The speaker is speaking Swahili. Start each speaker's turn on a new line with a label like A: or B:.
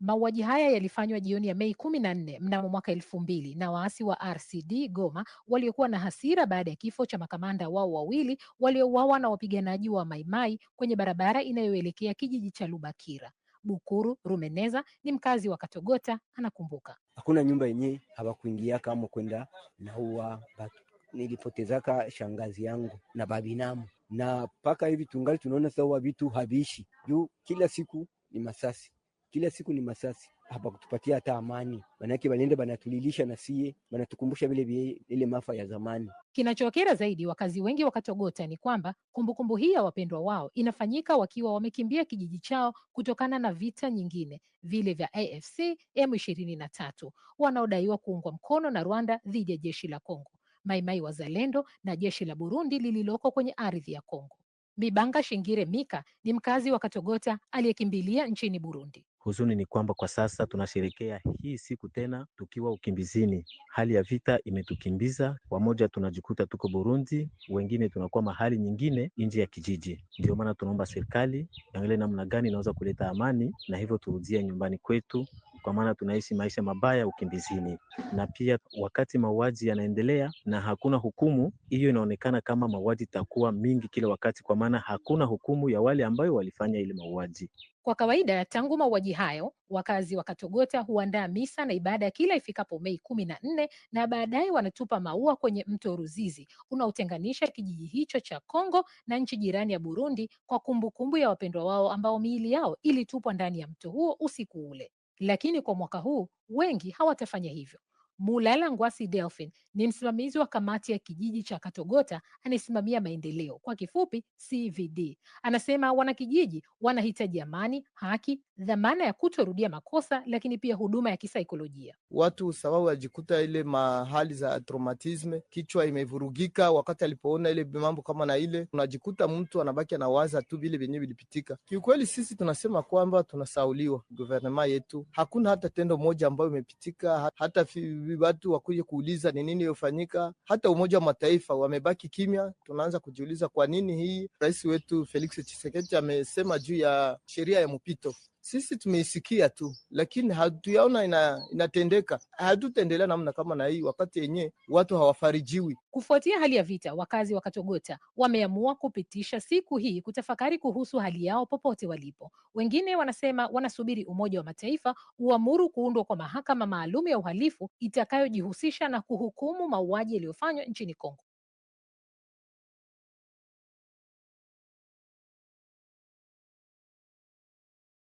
A: Mauaji haya yalifanywa jioni ya Mei kumi na nne mnamo mwaka elfu mbili na waasi wa RCD Goma waliokuwa na hasira baada ya kifo cha makamanda wao wawili waliouawa na wapiganaji wa Maimai kwenye barabara inayoelekea kijiji cha Lubakira. Bukuru Rumeneza ni mkazi wa Katogota, anakumbuka.
B: Hakuna nyumba yenye hawakuingia kama kwenda naua batu. Nilipotezaka shangazi yangu na babinamu, na mpaka hivi tungali tunaona sawa vitu haviishi juu, kila siku ni masasi kila siku ni masasi hapa kutupatia hata amani, manake wanaenda banatulilisha na sie banatukumbusha vile ile mafa ya zamani.
A: Kinachowakera zaidi wakazi wengi wakatogota ni kwamba kumbukumbu hii ya wapendwa wao inafanyika wakiwa wamekimbia kijiji chao kutokana na vita nyingine vile vya AFC M23 wanaodaiwa kuungwa mkono na Rwanda dhidi ya jeshi la Kongo, Maimai Wazalendo na jeshi la Burundi lililoko kwenye ardhi ya Kongo. Mibanga Shingire Mika ni mkazi wa Katogota aliyekimbilia nchini Burundi.
C: Huzuni ni kwamba kwa sasa tunasherekea hii siku tena tukiwa ukimbizini. Hali ya vita imetukimbiza, wamoja tunajikuta tuko Burundi, wengine tunakuwa mahali nyingine nje ya kijiji. Ndio maana tunaomba serikali iangalie namna gani inaweza kuleta amani, na hivyo turudie nyumbani kwetu kwa maana tunaishi maisha mabaya ukimbizini, na pia wakati mauaji yanaendelea na hakuna hukumu, hiyo inaonekana kama mauaji itakuwa mingi kila wakati, kwa maana hakuna hukumu ya wale ambayo walifanya ile mauaji.
A: Kwa kawaida tangu mauaji hayo, wakazi wa Katogota huandaa misa na ibada kila ifikapo Mei kumi na nne na baadaye wanatupa maua kwenye mto Ruzizi unaotenganisha kijiji hicho cha Kongo na nchi jirani ya Burundi, kwa kumbukumbu kumbu ya wapendwa wao ambao miili yao ilitupwa ndani ya mto huo usiku ule lakini kwa mwaka huu wengi hawatafanya hivyo. Mulala Ngwasi Delphin ni msimamizi wa kamati ya kijiji cha Katogota anayesimamia maendeleo, kwa kifupi CVD. Anasema wanakijiji wanahitaji amani, haki, dhamana ya kutorudia makosa, lakini pia huduma ya kisaikolojia.
D: Watu sababu wajikuta ile mahali za traumatisme, kichwa imevurugika wakati alipoona ile mambo kama na ile, unajikuta mtu anabaki anawaza tu vile vyenyewe vilipitika. Kiukweli sisi tunasema kwamba tunasauliwa guvernema yetu, hakuna hata tendo moja ambayo imepitika hata fi hivi watu wakuje kuuliza ni nini iliyofanyika. Hata Umoja wa Mataifa wamebaki kimya. Tunaanza kujiuliza kwa nini hii. Rais wetu Felix Tshisekedi amesema juu ya sheria ya mpito sisi tumeisikia tu, lakini hatuyaona ina, inatendeka. Hatutaendelea namna kama na hii, wakati yenyewe watu hawafarijiwi.
A: Kufuatia hali ya vita, wakazi wa Katogota wameamua kupitisha siku hii kutafakari kuhusu hali yao popote walipo. Wengine wanasema wanasubiri Umoja wa Mataifa uamuru kuundwa kwa mahakama maalum ya uhalifu itakayojihusisha na kuhukumu mauaji yaliyofanywa nchini Kongo.